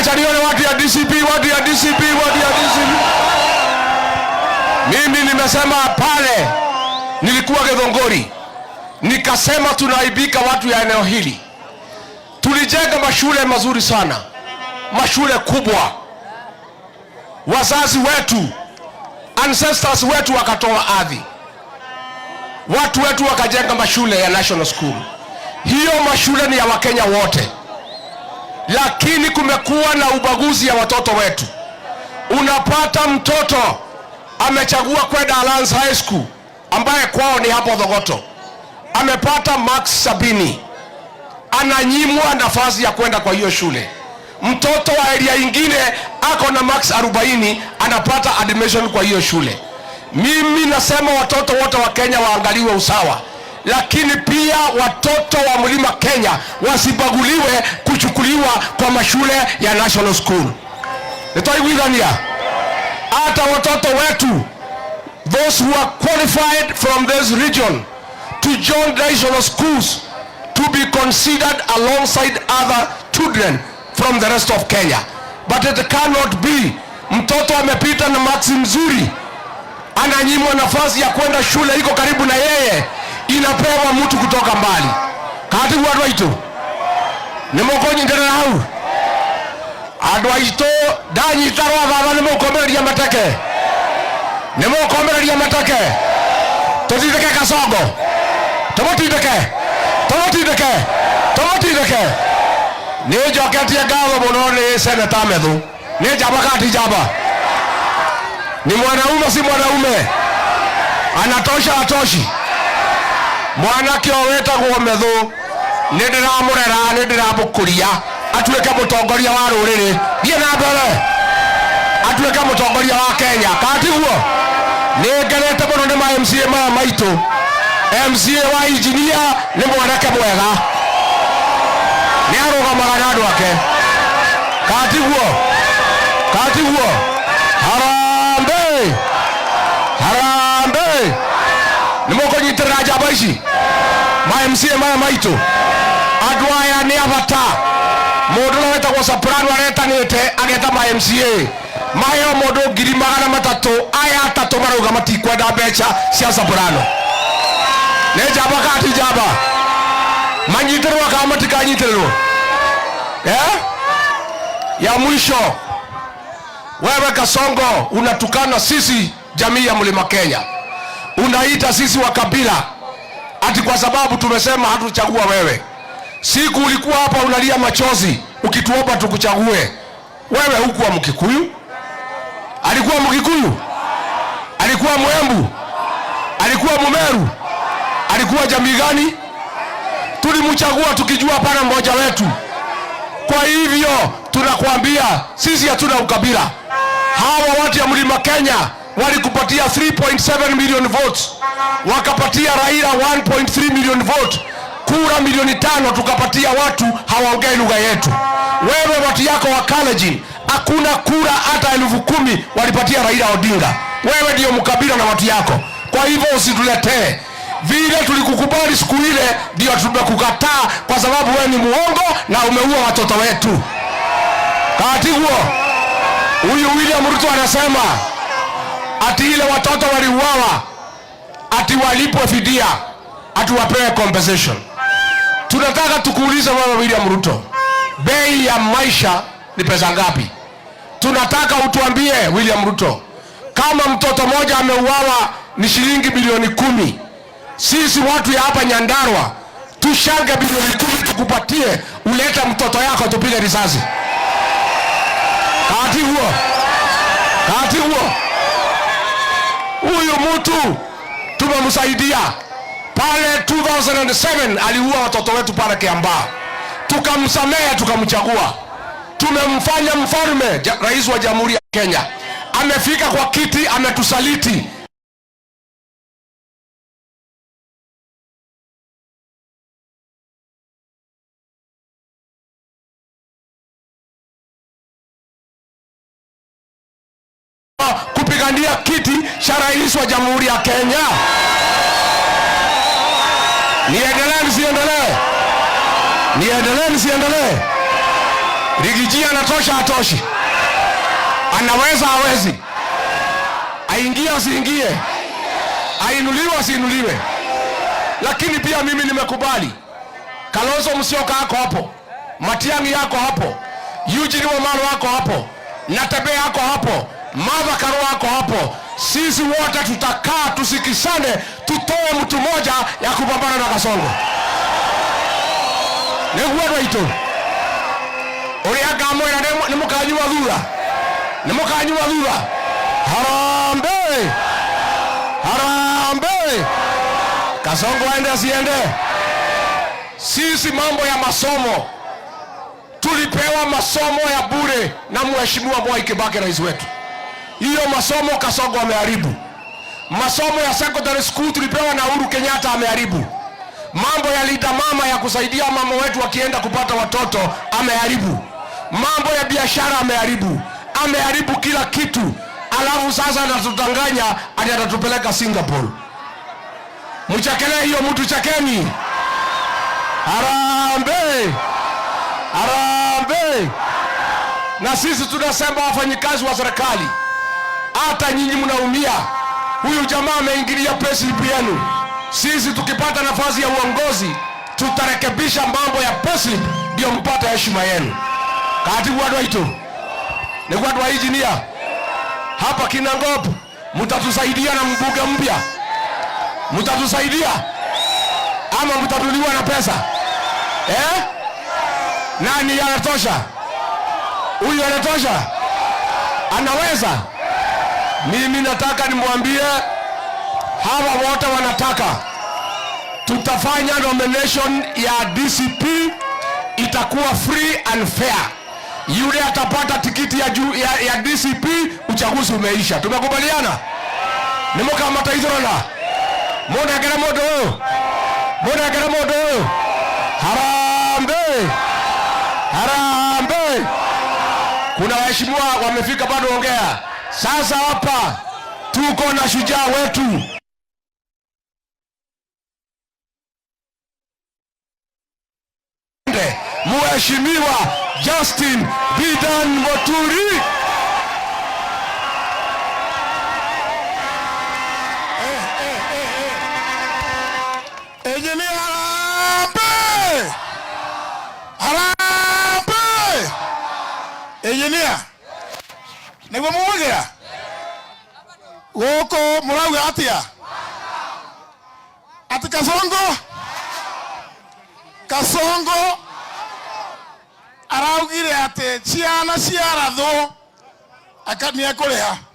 Acha nione watu ya DCP, watu ya DCP, watu ya DCP. Mimi nimesema pale, nilikuwa Githongori, nikasema tunaibika watu ya eneo hili. Tulijenga mashule mazuri sana, mashule kubwa. Wazazi wetu ancestors wetu wakatoa ardhi, watu wetu wakajenga mashule ya national school. Hiyo mashule ni ya Wakenya wote lakini kumekuwa na ubaguzi ya watoto wetu. Unapata mtoto amechagua kwenda Alliance High School ambaye kwao ni hapo Dhogoto, amepata max sabini, ananyimwa nafasi ya kwenda kwa hiyo shule. Mtoto wa eria ingine ako na max 40 anapata admission kwa hiyo shule. Mimi nasema watoto wote wa Kenya waangaliwe usawa lakini pia watoto wa mlima Kenya wasibaguliwe kuchukuliwa kwa mashule ya national school. Nitaiguidhania hata watoto wetu those who are qualified from this region to join national schools to be considered alongside other children from the rest of Kenya but it cannot be mtoto amepita na maksi mzuri ananyimwa nafasi ya kwenda shule iko karibu na yeye inapewa mtu kutoka mbali kati watu waitu nimukunyitirira hau andu aitu ndanyitarwa baba nimukomereria mateke nimukomereria mateke tutindike kasongo tumutindike tumutindike tumutindike ninjoketie ngatho muno ni seneta methu ni njamba kana ti njamba ni mwanaume si mwanaume anatosha atoshi mwanake ũyũ wĩtagwo methu kå ria nĩ ke må tongoria wa rä thiä na mbere må tongoria wa kenya katiguo ngerete må no nä ma mca maya maitå mca wa injinia nä mwanake mwega arå arũgamaga na andå ake katiguo katiguo maici mamca maya maitå andå aya nä abata må ndå å wetagwo soprano aretanä te ageta mamca maheo må ndå ngiri magana matatå aya atatå marauga matikwenda mbeca cia soprano nä njamba kana ti njamba manyitä rwo kana matikanyitä rwo eh? ya mwisho wewe Kasongo unatukana sisi jamii ya mlima Kenya, unaita sisi wa kabila ati kwa sababu tumesema hatuchagua wewe. Siku ulikuwa hapa unalia machozi ukituomba tukuchague wewe, hukuwa Mkikuyu? Alikuwa Mkikuyu? Alikuwa Mwembu? Alikuwa Mumeru? Alikuwa jamii gani? Tulimchagua tukijua pana mmoja wetu. Kwa hivyo tunakwambia sisi hatuna ukabila. Hawa watu ya mlima Kenya walikupatia 3.7 million votes, wakapatia Raila 1.3 million votes, kura milioni tano tukapatia watu hawaongei lugha yetu. Wewe watu yako wa Kalenjin hakuna kura hata elfu kumi walipatia Raila Odinga. Wewe ndio mkabila na watu yako, kwa hivyo usituletee vile tulikukubali siku ile, ndio tumekukataa kwa sababu wewe ni muongo na umeua watoto wetu. Katiguo huyu William Ruto anasema ati ile watoto waliuawa ati walipwe fidia ati wapewe compensation. Tunataka tukuulize wewe William Ruto, bei ya maisha ni pesa ngapi? Tunataka utuambie William Ruto, kama mtoto mmoja ameuawa ni shilingi bilioni kumi, sisi watu ya hapa Nyandarwa tushange bilioni kumi tukupatie ulete mtoto yako tupige risasi kati huo kati huo Huyu mtu tumemsaidia pale 2007 aliua watoto wetu pale Kiambaa, tukamsamea, tukamchagua, tumemfanya mfalme, rais wa jamhuri ya Kenya. Amefika kwa kiti, ametusaliti. kuwania kiti cha rais wa jamhuri ya Kenya. Niendelee msiendelee? Niendelee msiendelee? Rigiji anatosha atoshi? Anaweza awezi? Aingie asiingie? Ainuliwe asiinuliwe? Lakini pia mimi nimekubali, Kalonzo Musyoka yako hapo, Matiang'i yako hapo, Eugene Wamalwa yako hapo, Natembeya yako hapo Martha Karua wako hapo, sisi wote tutakaa tusikisane, tutoe mtu moja ya kupambana na Kasongo niguo rwaitu uria ngamwira nimukanyua thutha nimukanyua thutha harambe harambe Kasongo aende asiende sisi mambo ya masomo tulipewa masomo ya bure na mheshimiwa Mwai Kibaki rais wetu hiyo masomo Kasongo ameharibu. Masomo ya secondary school tulipewa na Uhuru Kenyatta ameharibu. Mambo ya Linda Mama ya kusaidia mama wetu wakienda kupata watoto ameharibu. Mambo ya biashara ameharibu, ameharibu kila kitu, alafu sasa anatudanganya ati atatupeleka Singapore. Mchakelee hiyo mtu, chakeni. Arambe, arambe! Na sisi tunasema wafanyikazi wa serikali hata nyinyi mnaumia. Huyu jamaa ameingilia payslip yenu. Sisi tukipata nafasi ya uongozi, tutarekebisha mambo ya payslip ndio mpate heshima yenu. kati wadwaito ni wadwa injinia hapa Kinangop, mtatusaidia na mbuga mpya, mtatusaidia ama mtatuliwa na pesa eh? Nani anatosha? Huyu anatosha, anaweza mimi nataka nimwambie hawa wote wanataka, tutafanya nomination ya DCP itakuwa free and fair. Yule atapata tikiti ya, ju, ya, ya DCP, uchaguzi umeisha. Tumekubaliana nimukamata ithorona mundu ekere mundu uyu mundu ekere mundu uyu harambe harambe. Kuna waheshimiwa wamefika bado, ongea sasa hapa tuko na shujaa wetu Mheshimiwa Justin Bidan Moturi. Engineer, niguo mumagä ra gå kå må kacongo kacongo araugire atä ciana ciarathwo nä